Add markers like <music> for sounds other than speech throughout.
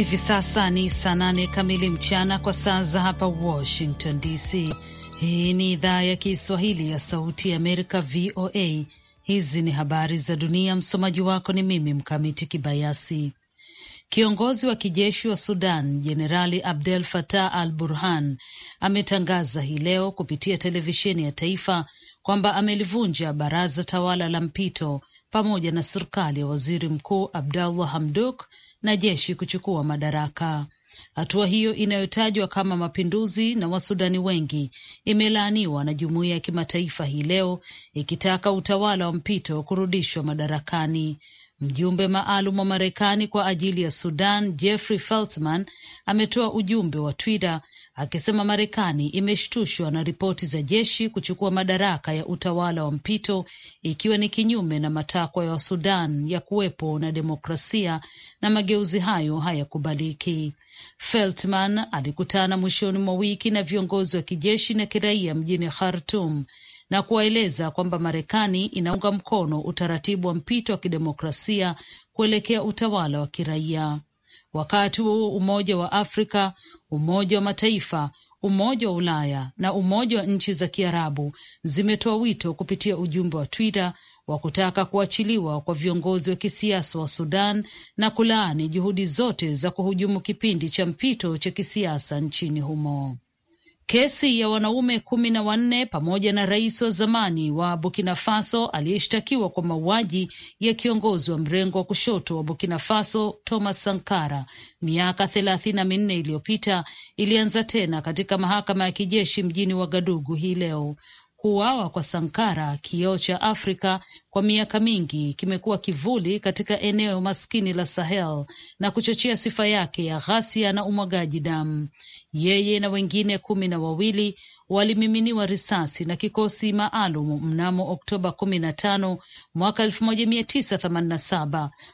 Hivi sasa ni saa nane kamili mchana kwa saa za hapa Washington DC. Hii ni idhaa ya Kiswahili ya Sauti ya Amerika, VOA. Hizi ni habari za dunia. Msomaji wako ni mimi Mkamiti Kibayasi. Kiongozi wa kijeshi wa Sudan Jenerali Abdel Fattah al Burhan ametangaza hii leo kupitia televisheni ya taifa kwamba amelivunja baraza tawala la mpito pamoja na serikali ya waziri mkuu Abdallah Hamdok na jeshi kuchukua madaraka. Hatua hiyo inayotajwa kama mapinduzi na Wasudani wengi imelaaniwa na jumuiya ya kimataifa hii leo, ikitaka utawala wa mpito kurudishwa madarakani. Mjumbe maalum wa Marekani kwa ajili ya Sudan Jeffrey Feltman ametoa ujumbe wa Twitter akisema Marekani imeshtushwa na ripoti za jeshi kuchukua madaraka ya utawala wa mpito ikiwa ni kinyume na matakwa ya Sudan ya kuwepo na demokrasia na mageuzi hayo hayakubaliki. Feltman alikutana mwishoni mwa wiki na viongozi wa kijeshi na kiraia mjini Khartum na kuwaeleza kwamba Marekani inaunga mkono utaratibu wa mpito wa kidemokrasia kuelekea utawala wa kiraia. Wakati huu Umoja wa Afrika, Umoja wa Mataifa, Umoja wa Ulaya na Umoja wa Nchi za Kiarabu zimetoa wito kupitia ujumbe wa Twitter wa kutaka kuachiliwa kwa viongozi wa kisiasa wa Sudan na kulaani juhudi zote za kuhujumu kipindi cha mpito cha kisiasa nchini humo. Kesi ya wanaume kumi na wanne pamoja na rais wa zamani wa Burkina Faso aliyeshtakiwa kwa mauaji ya kiongozi wa mrengo wa kushoto wa Burkina Faso Thomas Sankara miaka thelathini na minne iliyopita ilianza tena katika mahakama ya kijeshi mjini Wagadugu hii leo. Kuuawa kwa Sankara, kioo cha Afrika, kwa miaka mingi kimekuwa kivuli katika eneo maskini la Sahel na kuchochea sifa yake ya ghasia na umwagaji damu. Yeye na wengine kumi na wawili walimiminiwa risasi na kikosi maalum mnamo Oktoba kumi mwaka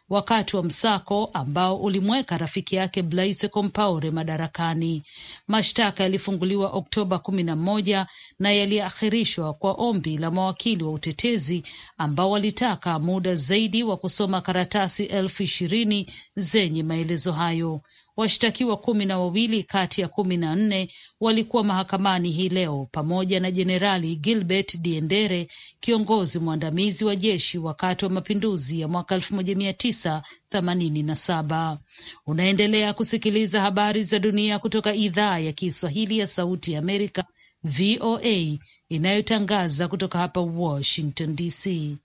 wakati wa msako ambao ulimweka rafiki yake Blaise Compaore madarakani. Mashtaka yalifunguliwa Oktoba 11 na moja yaliahirishwa kwa ombi la mawakili wa utetezi ambao ambao walitaka muda zaidi wa kusoma karatasi elfu ishirini zenye maelezo hayo. Washtakiwa kumi na wawili kati ya kumi na nne walikuwa mahakamani hii leo pamoja na Jenerali Gilbert Diendere, kiongozi mwandamizi wa jeshi wakati wa mapinduzi ya mwaka saba. Unaendelea kusikiliza habari za dunia kutoka idhaa ya Kiswahili ya Sauti ya Amerika, VOA, inayotangaza kutoka hapa Washington DC.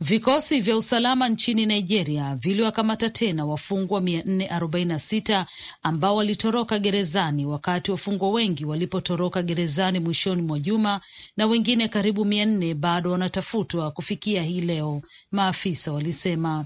Vikosi vya usalama nchini Nigeria viliwakamata tena wafungwa 446 ambao walitoroka gerezani wakati wafungwa wengi walipotoroka gerezani mwishoni mwa juma na wengine karibu 400 bado wanatafutwa kufikia hii leo, maafisa walisema.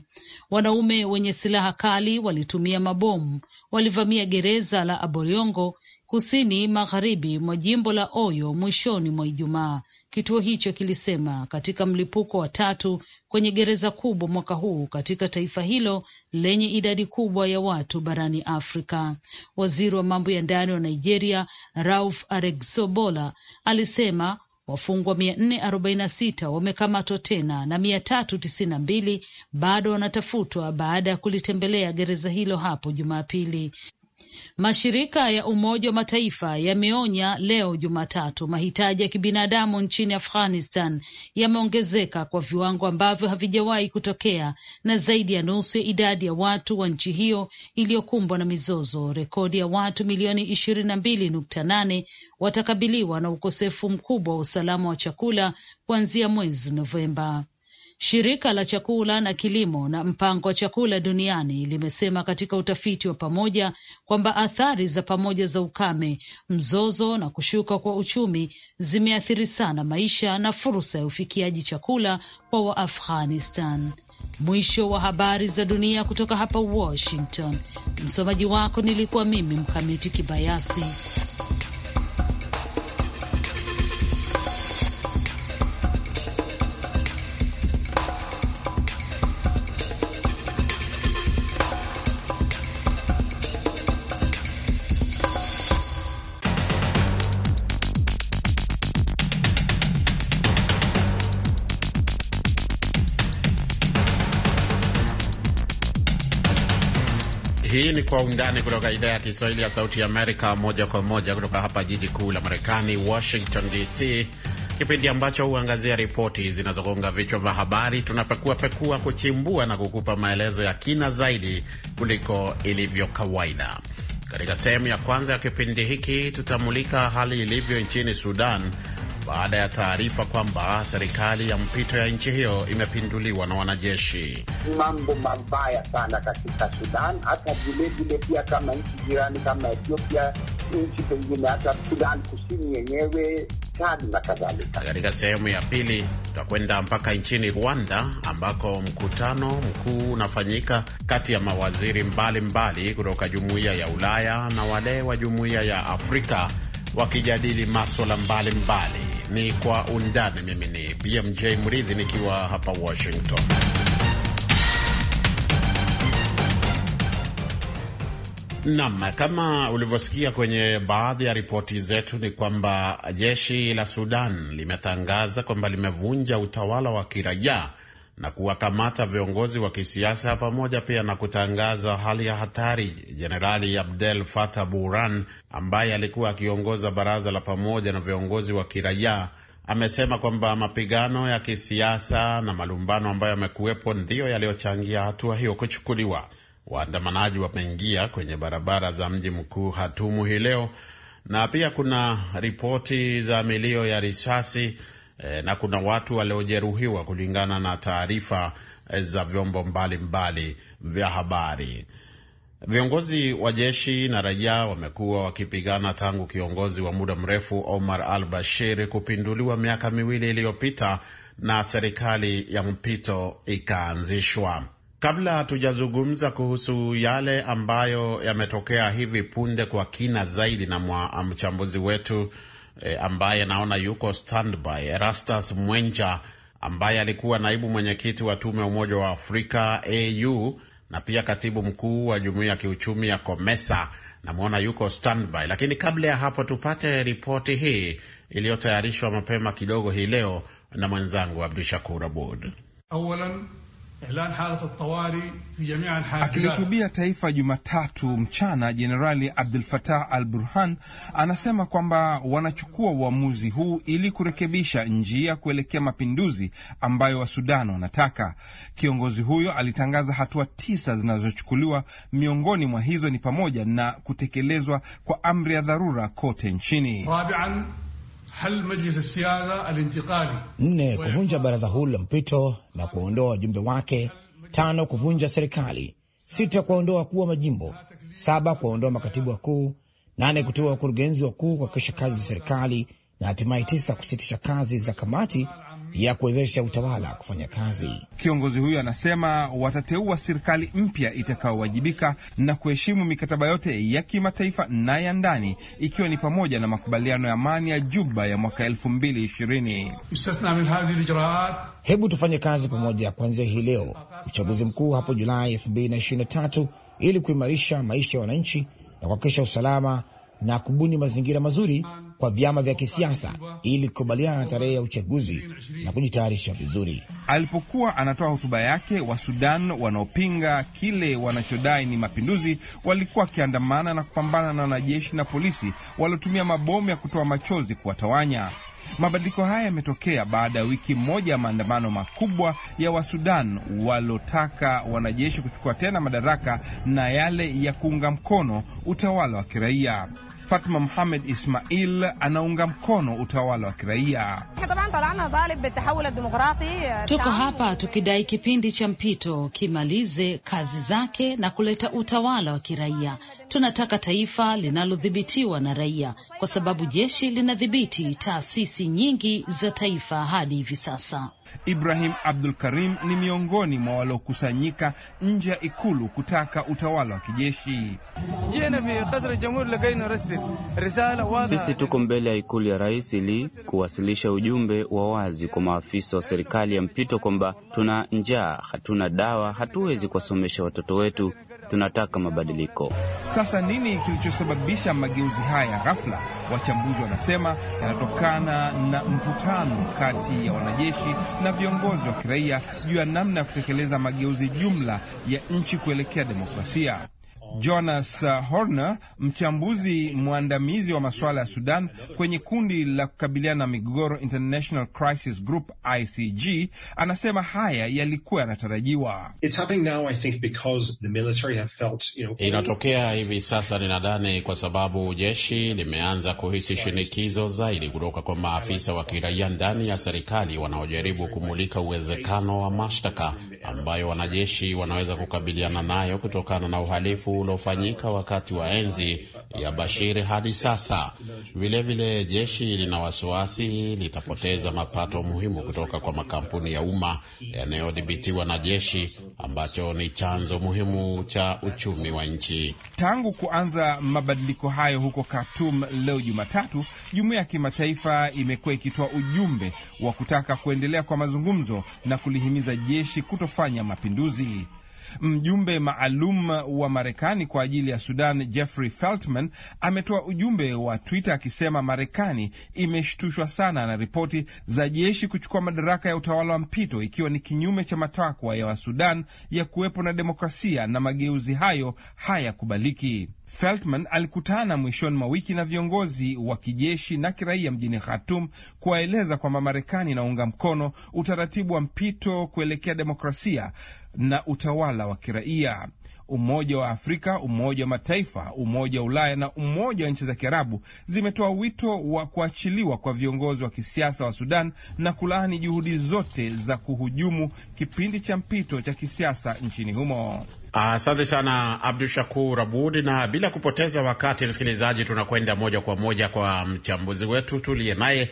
Wanaume wenye silaha kali walitumia mabomu, walivamia gereza la Aboriongo kusini magharibi mwa jimbo la Oyo mwishoni mwa Ijumaa, kituo hicho kilisema katika mlipuko wa tatu kwenye gereza kubwa mwaka huu katika taifa hilo lenye idadi kubwa ya watu barani Afrika. Waziri wa mambo ya ndani wa Nigeria Rauf Aregsobola alisema wafungwa 446 wamekamatwa tena na 392 bado wanatafutwa baada ya kulitembelea gereza hilo hapo Jumapili. Mashirika ya Umoja wa Mataifa yameonya leo Jumatatu mahitaji ya kibinadamu nchini Afghanistan yameongezeka kwa viwango ambavyo havijawahi kutokea, na zaidi ya nusu ya idadi ya watu wa nchi hiyo iliyokumbwa na mizozo, rekodi ya watu milioni ishirini na mbili nukta nane watakabiliwa na ukosefu mkubwa wa usalama wa chakula kuanzia mwezi Novemba. Shirika la chakula na kilimo na mpango wa chakula duniani limesema katika utafiti wa pamoja kwamba athari za pamoja za ukame, mzozo na kushuka kwa uchumi zimeathiri sana maisha na fursa ya ufikiaji chakula kwa Waafghanistan. Mwisho wa habari za dunia kutoka hapa Washington. Msomaji wako nilikuwa mimi Mkamiti Kibayasi. Kwa Undani kutoka idhaa ya Kiswahili ya Sauti ya Amerika, moja kwa moja kutoka hapa jiji kuu la Marekani, Washington DC, kipindi ambacho huangazia ripoti zinazogonga vichwa vya habari. Tunapekua pekua, kuchimbua na kukupa maelezo ya kina zaidi kuliko ilivyo kawaida. Katika sehemu ya kwanza ya kipindi hiki tutamulika hali ilivyo nchini Sudan baada ya taarifa kwamba serikali ya mpito ya nchi hiyo imepinduliwa na wanajeshi. Mambo mabaya sana katika Sudan, hata vilevile pia kama nchi jirani kama Ethiopia, nchi pengine hata Sudan Kusini yenyewe katika sehemu ya pili tutakwenda mpaka nchini Rwanda ambako mkutano mkuu unafanyika kati ya mawaziri mbalimbali kutoka mbali, jumuiya ya Ulaya na wale wa jumuiya ya Afrika wakijadili maswala mbalimbali. Ni kwa undani. Mimi ni BMJ Mridhi nikiwa hapa Washington. Naam, kama ulivyosikia kwenye baadhi ya ripoti zetu ni kwamba jeshi la Sudan limetangaza kwamba limevunja utawala wa kiraia na kuwakamata viongozi wa kisiasa pamoja pia na kutangaza hali ya hatari. Jenerali Abdel Fattah Burhan ambaye alikuwa akiongoza baraza la pamoja na viongozi wa kiraia amesema kwamba mapigano ya kisiasa na malumbano ambayo yamekuwepo ndiyo yaliyochangia hatua hiyo kuchukuliwa. Waandamanaji wameingia kwenye barabara za mji mkuu Hatumu hii leo, na pia kuna ripoti za milio ya risasi e, na kuna watu waliojeruhiwa kulingana na taarifa e, za vyombo mbalimbali vya habari. Viongozi wa jeshi na raia wamekuwa wakipigana tangu kiongozi wa muda mrefu Omar al Bashir kupinduliwa miaka miwili iliyopita na serikali ya mpito ikaanzishwa. Kabla hatujazungumza kuhusu yale ambayo yametokea hivi punde kwa kina zaidi na mwa mchambuzi wetu eh, ambaye naona yuko standby, Erastus Mwenja ambaye alikuwa naibu mwenyekiti wa tume ya Umoja wa Afrika AU na pia katibu mkuu wa jumuiya ya kiuchumi ya COMESA. Namwona yuko standby, lakini kabla ya hapo tupate ripoti hii iliyotayarishwa mapema kidogo hii leo na mwenzangu Abdu Shakur Abud. Awalan Akilihutubia taifa Jumatatu mchana, Jenerali Abdul Fatah al Burhan anasema kwamba wanachukua uamuzi huu ili kurekebisha njia kuelekea mapinduzi ambayo Wasudan wanataka. Kiongozi huyo alitangaza hatua tisa zinazochukuliwa, miongoni mwa hizo ni pamoja na kutekelezwa kwa amri ya dharura kote nchini. Rabian nne, kuvunja baraza huru la mpito na kuwaondoa wajumbe wake; tano, kuvunja serikali; sita, kuwaondoa wakuu wa majimbo; saba, kuwaondoa makatibu wakuu; nane, kutoa wakurugenzi wakuu kuhakikisha kazi za serikali; na hatimaye tisa, kusitisha kazi za kamati ya kuwezesha utawala kufanya kazi. Kiongozi huyo anasema watateua serikali mpya itakayowajibika na kuheshimu mikataba yote ya kimataifa na ya ndani, ikiwa ni pamoja na makubaliano ya amani ya Juba ya mwaka elfu mbili ishirini. Hebu tufanye kazi pamoja kuanzia hii leo, uchaguzi mkuu hapo Julai elfu mbili na ishirini na tatu, ili kuimarisha maisha ya wananchi na kuhakikisha usalama na kubuni mazingira mazuri kwa vyama vya kisiasa ili kukubaliana na tarehe ya uchaguzi na kujitayarisha vizuri. Alipokuwa anatoa hotuba yake, wa Sudan wanaopinga kile wanachodai ni mapinduzi walikuwa wakiandamana na kupambana na wanajeshi na polisi waliotumia mabomu ya kutoa machozi kuwatawanya. Mabadiliko haya yametokea baada ya wiki moja ya maandamano makubwa ya Wasudan walotaka wanajeshi kuchukua tena madaraka na yale ya kuunga mkono utawala wa kiraia. Fatma Mohamed Ismail anaunga mkono utawala wa kiraia. Tuko hapa tukidai kipindi cha mpito kimalize kazi zake na kuleta utawala wa kiraia tunataka taifa linalodhibitiwa na raia, kwa sababu jeshi linadhibiti taasisi nyingi za taifa hadi hivi sasa. Ibrahim Abdul Karim ni miongoni mwa waliokusanyika nje ya ikulu kutaka utawala wa kijeshi. Sisi tuko mbele ya ikulu ya rais ili kuwasilisha ujumbe wa wazi kwa maafisa wa serikali ya mpito kwamba tuna njaa, hatuna dawa, hatuwezi kuwasomesha watoto wetu tunataka mabadiliko. Sasa nini kilichosababisha mageuzi haya ya ghafla? Wachambuzi wanasema yanatokana na mvutano kati ya wanajeshi na viongozi wa kiraia juu ya namna ya kutekeleza mageuzi jumla ya nchi kuelekea demokrasia. Jonas Horner, mchambuzi mwandamizi wa masuala ya Sudan kwenye kundi la kukabiliana na migogoro International Crisis Group ICG, anasema haya yalikuwa yanatarajiwa. inatokea hivi sasa. Ninadhani kwa sababu jeshi limeanza kuhisi shinikizo zaidi kutoka kwa maafisa wa kiraia ndani ya serikali wanaojaribu kumulika uwezekano wa mashtaka ambayo wanajeshi wanaweza kukabiliana nayo kutokana na uhalifu uliofanyika wakati wa enzi ya Bashir hadi sasa. Vilevile vile jeshi lina wasiwasi litapoteza mapato muhimu kutoka kwa makampuni ya umma yanayodhibitiwa na jeshi ambacho ni chanzo muhimu cha uchumi wa nchi. Tangu kuanza mabadiliko hayo huko Khartoum leo Jumatatu, jumuiya ya kimataifa imekuwa ikitoa ujumbe wa kutaka kuendelea kwa mazungumzo na kulihimiza jeshi kutofanya mapinduzi. Mjumbe maalum wa Marekani kwa ajili ya Sudan, Jeffrey Feltman, ametoa ujumbe wa Twitter akisema Marekani imeshtushwa sana na ripoti za jeshi kuchukua madaraka ya utawala wa mpito, ikiwa ni kinyume cha matakwa ya Wasudan ya kuwepo na demokrasia na mageuzi hayo hayakubaliki. Feltman alikutana mwishoni mwa wiki na viongozi wa kijeshi na kiraia mjini Khartoum kuwaeleza kwamba Marekani inaunga mkono utaratibu wa mpito kuelekea demokrasia na utawala wa kiraia. Umoja wa Afrika, Umoja wa Mataifa, Umoja wa Ulaya na Umoja wa Nchi za Kiarabu zimetoa wito wa kuachiliwa kwa viongozi wa kisiasa wa Sudan na kulaani juhudi zote za kuhujumu kipindi cha mpito cha kisiasa nchini humo. Asante sana Abdu Shakur Abud. Na bila kupoteza wakati, msikilizaji, tunakwenda moja kwa moja kwa mchambuzi wetu tuliye naye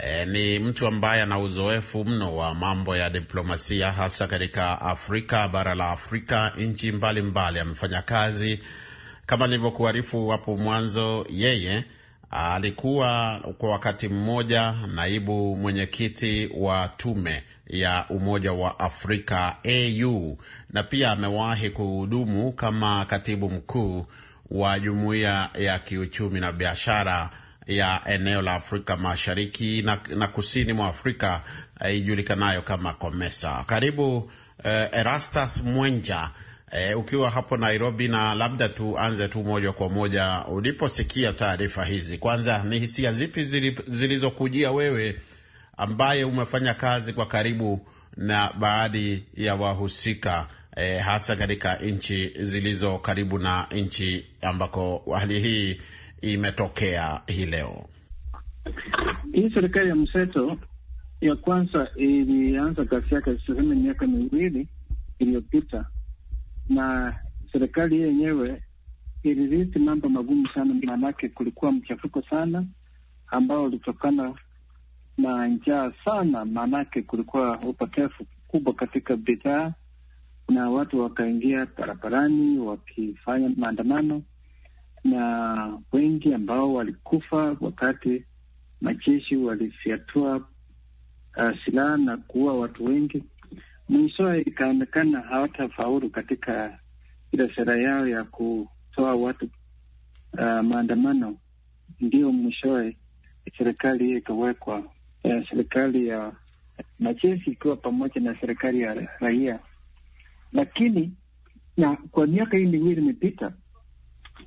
E, ni mtu ambaye ana uzoefu mno wa mambo ya diplomasia hasa katika Afrika, bara la Afrika, nchi mbalimbali. Amefanya kazi kama nilivyokuarifu hapo mwanzo, yeye alikuwa kwa wakati mmoja naibu mwenyekiti wa tume ya Umoja wa Afrika AU, na pia amewahi kuhudumu kama katibu mkuu wa Jumuiya ya Kiuchumi na Biashara ya eneo la Afrika Mashariki na, na kusini mwa Afrika eh, ijulikanayo eh, kama COMESA. Karibu eh, Erastus Mwenja eh, ukiwa hapo Nairobi, na labda tuanze tu moja kwa moja, uliposikia taarifa hizi, kwanza ni hisia zipi zilizokujia wewe ambaye umefanya kazi kwa karibu na baadhi ya wahusika eh, hasa katika nchi zilizo karibu na nchi ambako hali hii imetokea hii leo? Hii serikali ya mseto ya kwanza ilianza kazi yake sehemu miaka miwili iliyopita, na serikali yenyewe ilirithi mambo magumu sana, maanake kulikuwa mchafuko sana ambao ulitokana na njaa sana, maanake kulikuwa upotefu kubwa katika bidhaa, na watu wakaingia barabarani wakifanya maandamano na wengi ambao walikufa wakati majeshi walifyatua uh, silaha na kuua watu wengi. Mwishowe ikaonekana hawatafaulu katika ile sera yao ya kutoa watu uh, maandamano. Ndio mwishowe serikali hiyo ikawekwa, uh, serikali ya majeshi ikiwa pamoja na serikali ya raia. Lakini na kwa miaka hii miwili imepita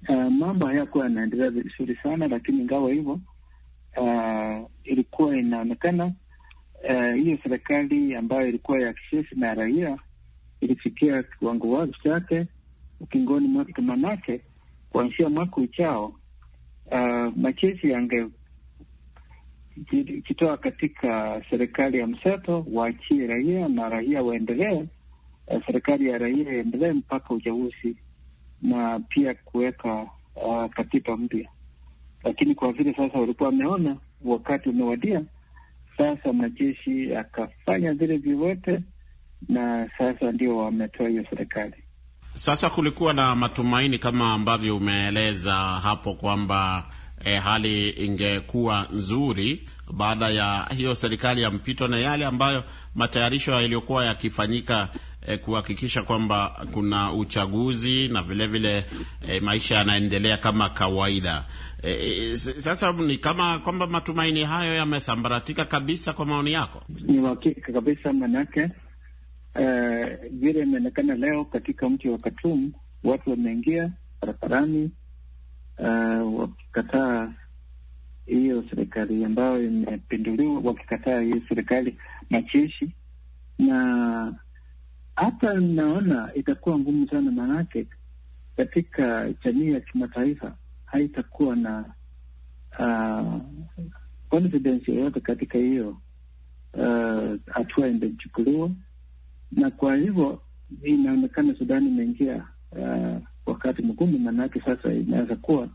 uh, mambo hayakuwa yanaendelea vizuri sana, lakini ingawa hivyo uh, ilikuwa inaonekana eh, hiyo uh, serikali ambayo ilikuwa ya kijeshi na raia ilifikia kiwango chake ukingoni mwake, manake kuanzia mwaka ujao uh, yange kitoa katika serikali ya mseto, waachie raia na raia waendelee, uh, serikali ya raia iendelee mpaka uchaguzi na pia kuweka uh, katiba mpya, lakini kwa vile sasa walikuwa wameona wakati umewadia, sasa majeshi yakafanya vile vyovyote, na sasa ndio wametoa hiyo serikali. Sasa kulikuwa na matumaini kama ambavyo umeeleza hapo kwamba e, hali ingekuwa nzuri baada ya hiyo serikali ya mpito na yale ambayo matayarisho yaliyokuwa yakifanyika eh, kuhakikisha kwamba kuna uchaguzi na vilevile vile, eh, maisha yanaendelea kama kawaida. Eh, sasa ni kama kwamba matumaini hayo yamesambaratika kabisa. Kwa maoni yako, ni uhakika kabisa, manake e, vile uh, imeonekana leo katika mji wa Khartoum watu wameingia barabarani uh, wakikataa hiyo serikali ambayo imepinduliwa, wakikataa hiyo serikali majeshi na hata naona itakuwa ngumu sana, maanake katika jamii ya kimataifa haitakuwa na uh, confidence yoyote katika hiyo uh, hatua uh, imechukuliwa, na kwa hivyo inaonekana Sudani imeingia uh, wakati mgumu, maanake sasa inaweza kuwa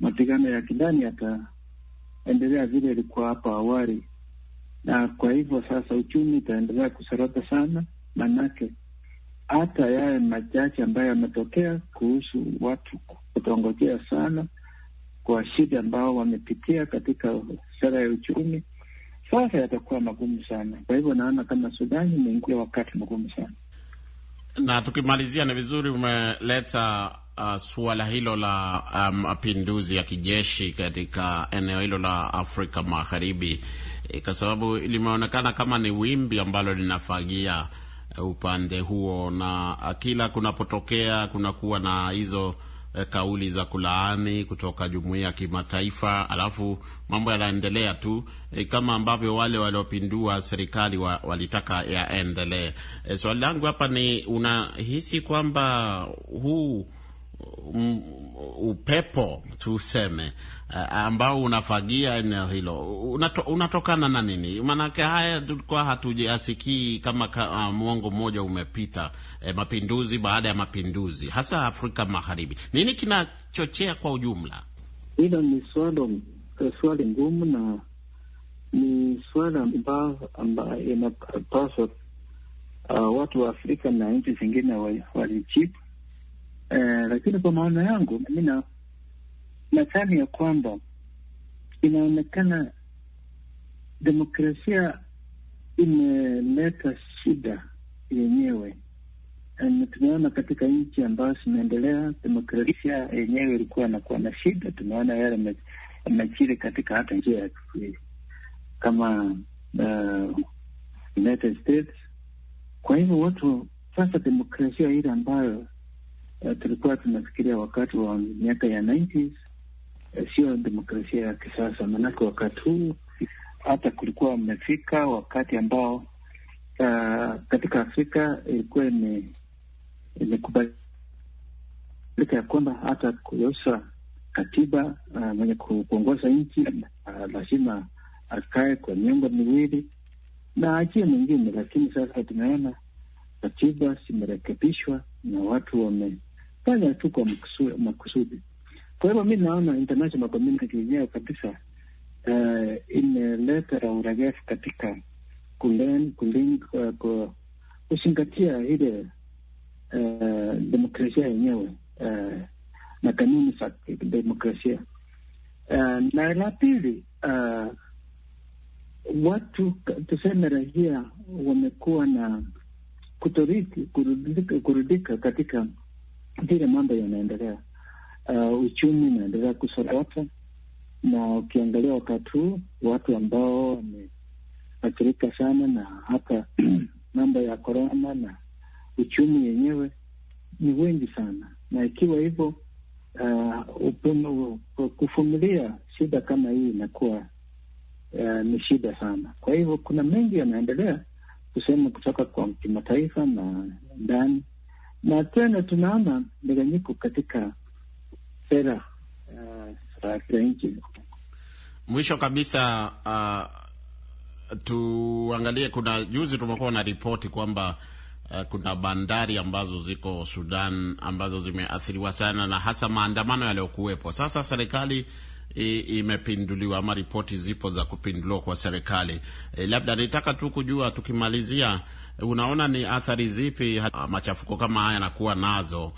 mapigano ya kindani yataendelea vile ilikuwa hapo awali, na kwa hivyo sasa uchumi itaendelea kusorota sana manake hata yaye machache ambayo yametokea kuhusu watu kutongojea sana kwa shida ambao wamepitia katika sera ya uchumi, sasa yatakuwa magumu sana. Kwa hivyo naona kama Sudani imeingia wakati mgumu sana. Na tukimalizia, ni vizuri umeleta uh, suala hilo la um, mapinduzi um, ya kijeshi katika eneo hilo la Afrika Magharibi, eh, kwa sababu limeonekana kama ni wimbi ambalo linafagia upande huo, na kila kunapotokea kunakuwa na hizo eh, kauli za kulaani kutoka jumuiya ya kimataifa, alafu mambo yanaendelea tu e, kama ambavyo wale waliopindua serikali wa, walitaka yaendelee. Eh, swali langu hapa ni unahisi kwamba huu Um, upepo tuseme eh, ambao unafagia eneo hilo unato, unatokana na nini? Maanake haya tulikuwa hatujasikii kama uh, mwongo mmoja umepita, e, mapinduzi baada ya mapinduzi, hasa Afrika Magharibi. Nini kinachochea kwa ujumla? Hilo ni eh, swali ngumu na ni swala ambayo inapaswa uh, watu wa Afrika na nchi zingine walijibu eh, lakini kwa maono yangu mimi nadhani ya kwamba inaonekana demokrasia imeleta shida yenyewe. Eh, tumeona katika nchi ambazo zimeendelea demokrasia yenyewe ilikuwa nakuwa na shida. Tumeona yale yamejiri katika hata njia ya kama uh, United States. Kwa hivyo watu sasa, demokrasia ile ambayo uh, tulikuwa tunafikiria wakati wa miaka ya 90s uh, eh, sio demokrasia ya kisasa, maanake wakati huu hata kulikuwa mmefika wakati ambao uh, katika Afrika ilikuwa imekubalika ya kwamba hata kuyosa katiba uh, mwenye kuongoza nchi lazima akae kwa miongo miwili na ajia mwingine. Lakini sasa tumeona katiba zimerekebishwa na watu wame fanya tu kwa makusudi. Kwa hivyo mi naona international community yenyewe kabisa uh, imeleta uregefu katika eh, kuzingatia uh, ile uh, demokrasia yenyewe uh, na kanuni za demokrasia uh, na la pili uh, watu tuseme rahia wamekuwa na kutoriki, kurudika katika vile mambo yanaendelea, uh, uchumi unaendelea kusorota, na ukiangalia wakati huu watu ambao wameathirika sana na hata <clears throat> mambo ya korona na uchumi yenyewe ni wengi sana, na ikiwa hivyo uh, kufumilia shida kama hii inakuwa uh, ni shida sana. Kwa hivyo kuna mengi yanaendelea kusema kutoka kwa kimataifa na ndani na tena tunaona mgawanyiko katika sera za uh, nchi. Mwisho kabisa uh, tuangalie, kuna juzi tumekuwa na ripoti kwamba uh, kuna bandari ambazo ziko Sudan ambazo zimeathiriwa sana na hasa maandamano yaliyokuwepo. Sasa serikali imepinduliwa ama ripoti zipo za kupinduliwa kwa serikali. E, labda nitaka tu kujua tukimalizia unaona ni athari zipi machafuko kama haya yanakuwa nazo?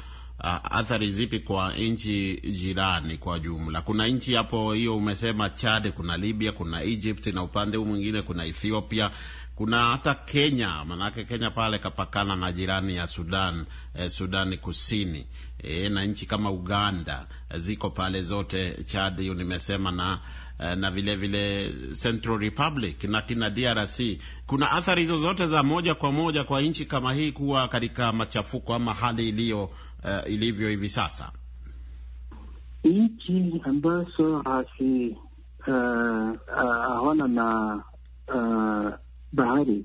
Athari zipi kwa nchi jirani kwa jumla? Kuna nchi hapo hiyo umesema Chad, kuna Libya, kuna Egypt na upande huu mwingine kuna Ethiopia, kuna hata Kenya, maanake Kenya pale kapakana na jirani ya Sudan, eh, Sudani Kusini, eh, na nchi kama Uganda eh, ziko pale zote. Chad hiyo nimesema na Eh, na vile vile Central Republic na kina DRC. Kuna athari hizo zote za moja kwa moja kwa nchi kama hii kuwa katika machafuko ama hali iliyo uh, ilivyo hivi sasa, nchi ambazo hasi eh, hawana uh, uh, na uh, bahari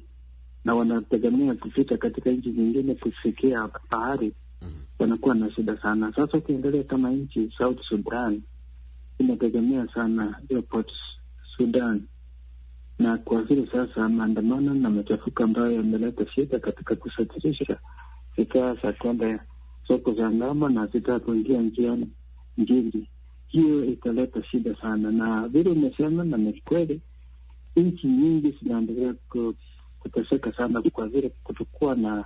na wanategemea kupita katika nchi nyingine kufikia bahari, mhm. wanakuwa na shida sana. Sasa ukiangalia kama nchi South Sudan inategemea sana airport Sudan, na kwa vile sasa maandamano na machafuko ambayo yameleta shida katika kusafirisha bidhaa za kwenda soko za ngama na bidhaa kuingia njiani ngiri, hiyo italeta shida sana, na vile umesema, na ni kweli nchi nyingi zinaendelea kuteseka sana kwa vile kutokuwa na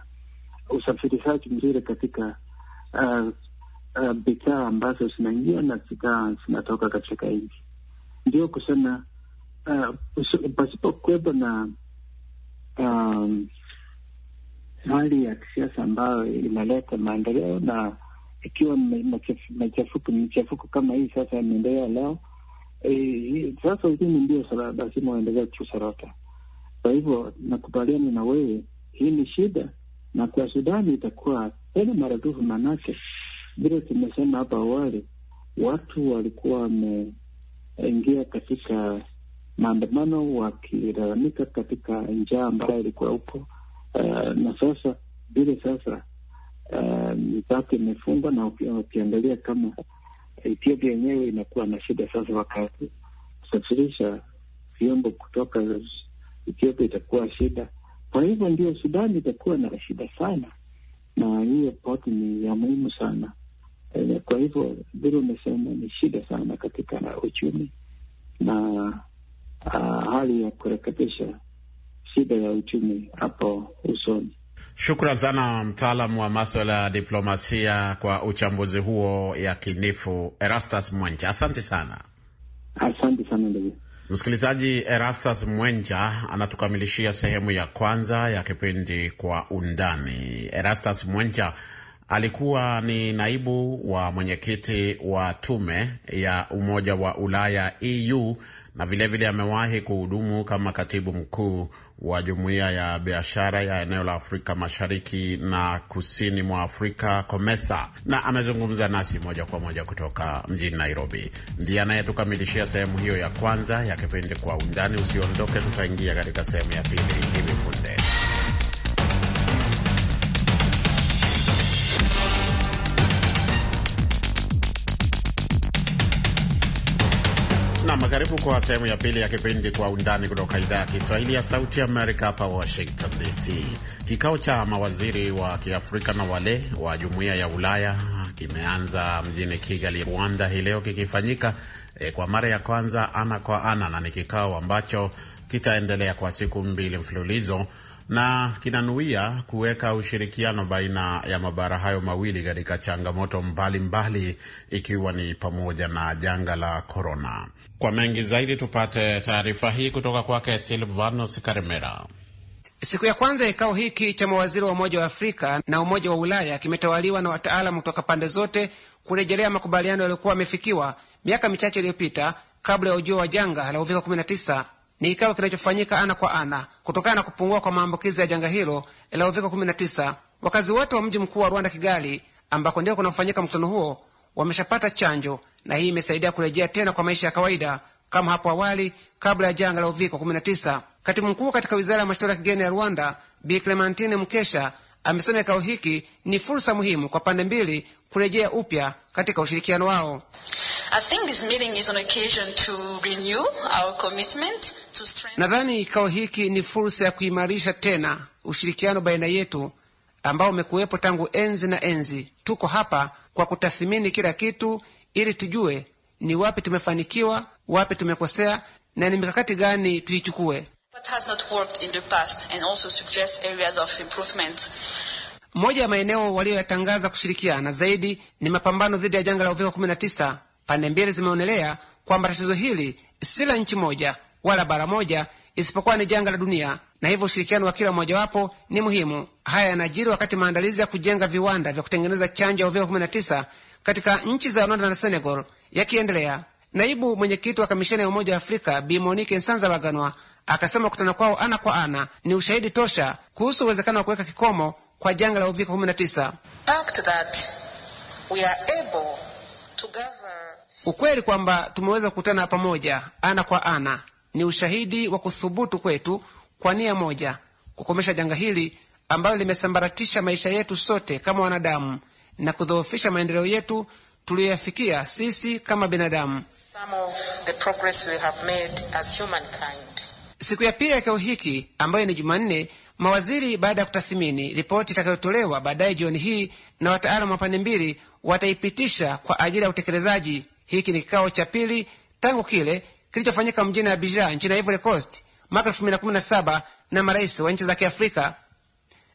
usafirishaji mzuri katika uh, Uh, bidhaa ambazo zinaingia na bidhaa zinatoka katika nchi. Ndio kusema uh, kuwepo na um, hali ya kisiasa ambayo inaleta maendeleo, na ikiwa michafuko kama hii sasa imeendelea leo e, sasa uchumi ndio lazima uendelee kusorota. Kwa hivyo nakubaliana na wewe, hii ni shida, na kwa Sudani itakuwa tena maradufu manake vile tumesema hapa awali, watu walikuwa wameingia katika maandamano wakilalamika katika njaa ambayo ilikuwa huko. uh, eh, na sasa vile sasa eh, mipaka imefungwa na wakiangalia kama Ethiopia yenyewe inakuwa na shida sasa, wakati kusafirisha vyombo kutoka Ethiopia itakuwa shida. Kwa hivyo ndio Sudani itakuwa na shida sana, na hiyo poti ni ya muhimu sana E, kwa hivyo vile umesema ni shida sana katika uchumi na a, ah, hali ya kurekebisha shida ya uchumi hapo usoni. Shukran sana mtaalamu wa maswala ya diplomasia kwa uchambuzi huo ya kinifu Erastus Mwenja, asante sana. Asante sana ndugu msikilizaji. Erastus Mwenja anatukamilishia sehemu ya kwanza ya kipindi Kwa Undani. Erastus Mwenja Alikuwa ni naibu wa mwenyekiti wa tume ya Umoja wa Ulaya EU na vilevile amewahi kuhudumu kama katibu mkuu wa Jumuiya ya Biashara ya eneo la Afrika Mashariki na Kusini mwa Afrika COMESA, na amezungumza nasi moja kwa moja kutoka mjini Nairobi. Ndiye anayetukamilishia sehemu hiyo ya kwanza ya kipindi Kwa Undani. Usiondoke, tutaingia katika sehemu ya pili hivi punde. Nam, karibu kwa sehemu ya pili ya kipindi Kwa Undani kutoka idhaa ya Kiswahili ya Sauti Amerika, hapa Washington DC. Kikao cha mawaziri wa Kiafrika na wale wa Jumuiya ya Ulaya kimeanza mjini Kigali, Rwanda, hii leo kikifanyika e, kwa mara ya kwanza ana kwa ana, na ni kikao ambacho kitaendelea kwa siku mbili mfululizo na kinanuia kuweka ushirikiano baina ya mabara hayo mawili katika changamoto mbalimbali mbali, ikiwa ni pamoja na janga la korona. Kwa mengi zaidi tupate taarifa hii kutoka kwake Silvanos Karimera. Siku ya kwanza ya kikao hiki cha mawaziri wa Umoja wa Afrika na Umoja wa Ulaya kimetawaliwa na wataalamu kutoka pande zote kurejelea makubaliano yaliyokuwa yamefikiwa miaka michache iliyopita kabla ya ujio wa janga la uviko 19 ni kikao kinachofanyika ana kwa ana kutokana na kupungua kwa maambukizi ya janga hilo la uviko 19. Wakazi wote wa mji mkuu wa Rwanda, Kigali, ambako ndio kunafanyika mkutano huo, wameshapata chanjo na hii imesaidia kurejea tena kwa maisha ya kawaida kama hapo awali kabla ya janga la uviko 19. Katibu mkuu katika wizara ya mashauri ya kigeni ya Rwanda Bi Clementine Mkesha amesema kikao hiki ni fursa muhimu kwa pande mbili kurejea upya katika ushirikiano wao. Nadhani kikao hiki ni fursa ya kuimarisha tena ushirikiano baina yetu ambao umekuwepo tangu enzi na enzi. Tuko hapa kwa kutathimini kila kitu ili tujue ni wapi tumefanikiwa, wapi tumekosea na ni mikakati gani tuichukue. Moja ya maeneo waliyoyatangaza kushirikiana zaidi ni mapambano dhidi ya janga la uviko Pande mbili zimeonelea kwamba tatizo hili si la nchi moja wala bara moja, isipokuwa ni janga la dunia, na hivyo ushirikiano wa kila mmojawapo ni muhimu. Haya yanajiri wakati maandalizi ya kujenga viwanda vya kutengeneza chanjo ya uviko 19 katika nchi za Rwanda na Senegal yakiendelea. Naibu mwenyekiti wa kamisheni ya Umoja wa Afrika Bi monike Nsanzabaganwa akasema kutana kwao ana kwa ana ni ushahidi tosha kuhusu uwezekano wa kuweka kikomo kwa janga la uviko 19. Ukweli kwamba tumeweza kukutana pamoja ana kwa ana ni ushahidi wa kuthubutu kwetu kwa nia moja kukomesha janga hili ambalo limesambaratisha maisha yetu sote kama wanadamu na kudhoofisha maendeleo yetu tuliyoyafikia sisi kama binadamu. Siku ya pili ya kikao hiki ambayo ni Jumanne, mawaziri baada ya kutathimini ripoti itakayotolewa baadaye jioni hii na wataalamu wa pande mbili wataipitisha kwa ajili ya utekelezaji hiki ni kikao cha pili tangu kile kilichofanyika mjini Abidjan nchini Ivory Coast mwaka 2017 na marais wa nchi za Kiafrika.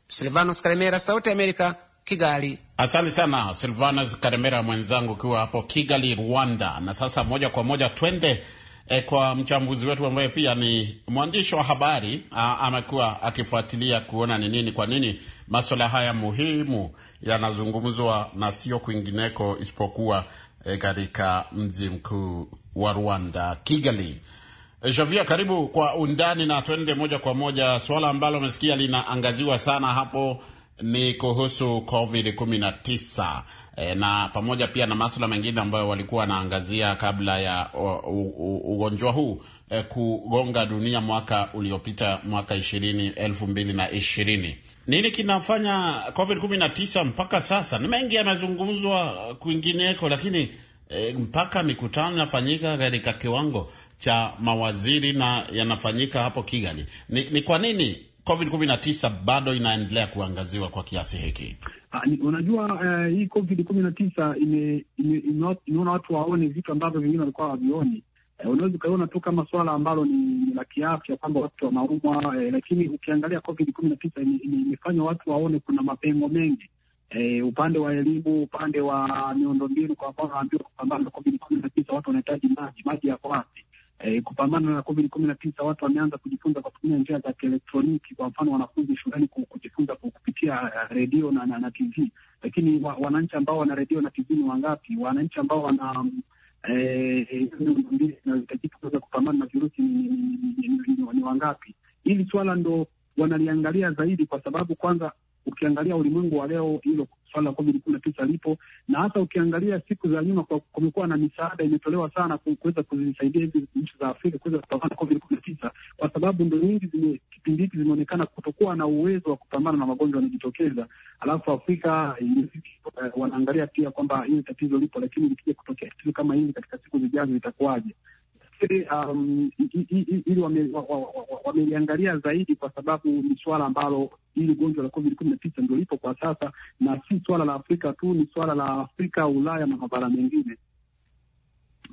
Silvanus Karemera, Sauti ya Amerika, Kigali. Asante sana Silvanus Karemera mwenzangu, ukiwa hapo Kigali, Rwanda. Na sasa moja kwa moja twende e, kwa mchambuzi wetu ambaye pia ni mwandishi wa habari amekuwa akifuatilia kuona ni nini, kwa nini maswala haya muhimu yanazungumzwa na sio kwingineko isipokuwa e, katika mji mkuu wa Rwanda, Kigali. Javia, eh, karibu kwa undani, na twende moja kwa moja suala ambalo umesikia linaangaziwa sana hapo ni kuhusu COVID-19 e, na pamoja pia na masuala mengine ambayo walikuwa wanaangazia kabla ya ugonjwa huu e, kugonga dunia mwaka uliopita mwaka na 2020. Nini kinafanya COVID-19 mpaka sasa? Ni mengi yanazungumzwa kwingineko, lakini e, mpaka mikutano inafanyika katika kiwango cha mawaziri na yanafanyika hapo Kigali. Ni, ni kwa nini COVID-19 bado inaendelea kuangaziwa kwa kiasi hiki? Ah, unajua, uh, hii COVID kumi na tisa imeona watu waone vitu ambavyo vingine walikuwa hawavioni. Uh, unaweza ukaiona tu kama swala ambalo ni la kiafya kwamba watu wanaumwa, uh, lakini ukiangalia COVID kumi na tisa imefanya watu waone kuna mapengo mengi E, upande wa elimu, upande wa miundombinu, kwa mfano, naambiwa kupambana na COVID kumi na tisa watu wanahitaji maji. Maji yako wapi? E, kupambana na COVID kumi na tisa, watu wameanza kujifunza kwa kutumia njia za kielektroniki. Kwa mfano, wanafunzi shuleni kujifunza kupitia eh, redio na, na, na TV. Lakini wa, wananchi ambao wana redio na TV ni wangapi? Wananchi ambao wana eh, mbili zinazohitajika kuweza kupambana na virusi ni wangapi? Hili swala ndo wanaliangalia zaidi, kwa sababu kwanza ukiangalia ulimwengu wa leo hilo suala la covid kumi na tisa lipo, na hata ukiangalia siku za nyuma kumekuwa na misaada imetolewa sana kuweza kuzisaidia hizi nchi za Afrika kuweza kupambana na covid kumi na tisa kwa sababu ndo nyingi kipindi hiki zimeonekana kutokuwa na uwezo wa kupambana na magonjwa yanajitokeza, alafu Afrika eh, wanaangalia pia kwamba hili tatizo lipo, lakini likija kutokea tatizo kama hili katika siku zijazo itakuwaje? nafikiri um, ili wameliangalia zaidi, kwa sababu ni suala ambalo ili ugonjwa la Covid kumi na tisa ndo lipo kwa sasa, na si suala la Afrika tu, ni suala la Afrika, Ulaya na mabara mengine.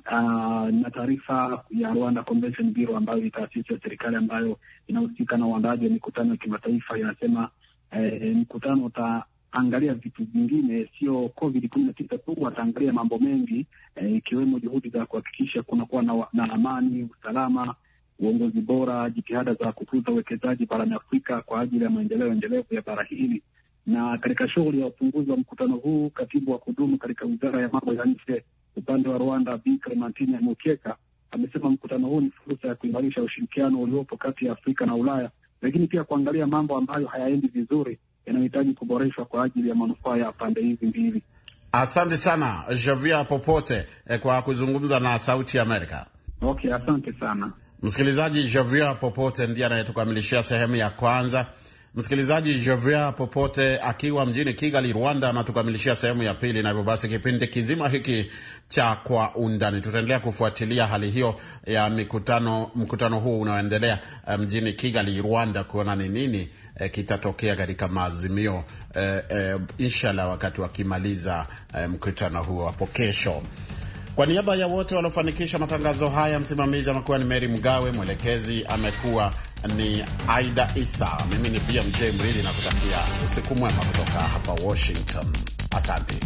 Uh, na taarifa ya Rwanda Convention Bureau ambayo ni taasisi ya serikali ambayo inahusika na uandaji wa mikutano ya kimataifa inasema eh, eh mkutano uta wataangalia vitu vingine, sio covid kumi na tisa tu, wataangalia mambo mengi e, ikiwemo juhudi za kuhakikisha kunakuwa na, na amani, usalama, uongozi bora, jitihada za kukuza uwekezaji barani Afrika kwa ajili ya maendeleo endelevu ya bara hili. Na katika shughuli ya ufunguzi wa mkutano huu, katibu wa kudumu katika wizara ya mambo ya nje upande wa Rwanda, Bi Clementine Mukeka amesema mkutano huu ni fursa ya kuimarisha ushirikiano uliopo kati ya Afrika na Ulaya, lakini pia kuangalia mambo ambayo hayaendi vizuri yanayohitaji kuboreshwa kwa ajili ya manufaa ya pande hizi mbili. Asante sana Javier Popote eh, kwa kuzungumza na Sauti Amerika. Okay, asante sana msikilizaji. Javier Popote ndiye anayetukamilishia sehemu ya kwanza Msikilizaji Jovia popote akiwa mjini Kigali, Rwanda, anatukamilishia sehemu ya pili, na hivyo basi kipindi kizima hiki cha Kwa Undani tutaendelea kufuatilia hali hiyo ya mikutano, mkutano huu unaoendelea eh, mjini Kigali, Rwanda, kuona ni nini eh, kitatokea katika maazimio eh, eh, inshallah wakati wakimaliza eh, mkutano huo hapo kesho. Kwa niaba ya wote waliofanikisha matangazo haya, msimamizi amekuwa ni Meri Mgawe, mwelekezi amekuwa ni Aida Isa. Mimi ni BMJ Mridhi na kutakia usiku mwema kutoka hapa Washington. Asante.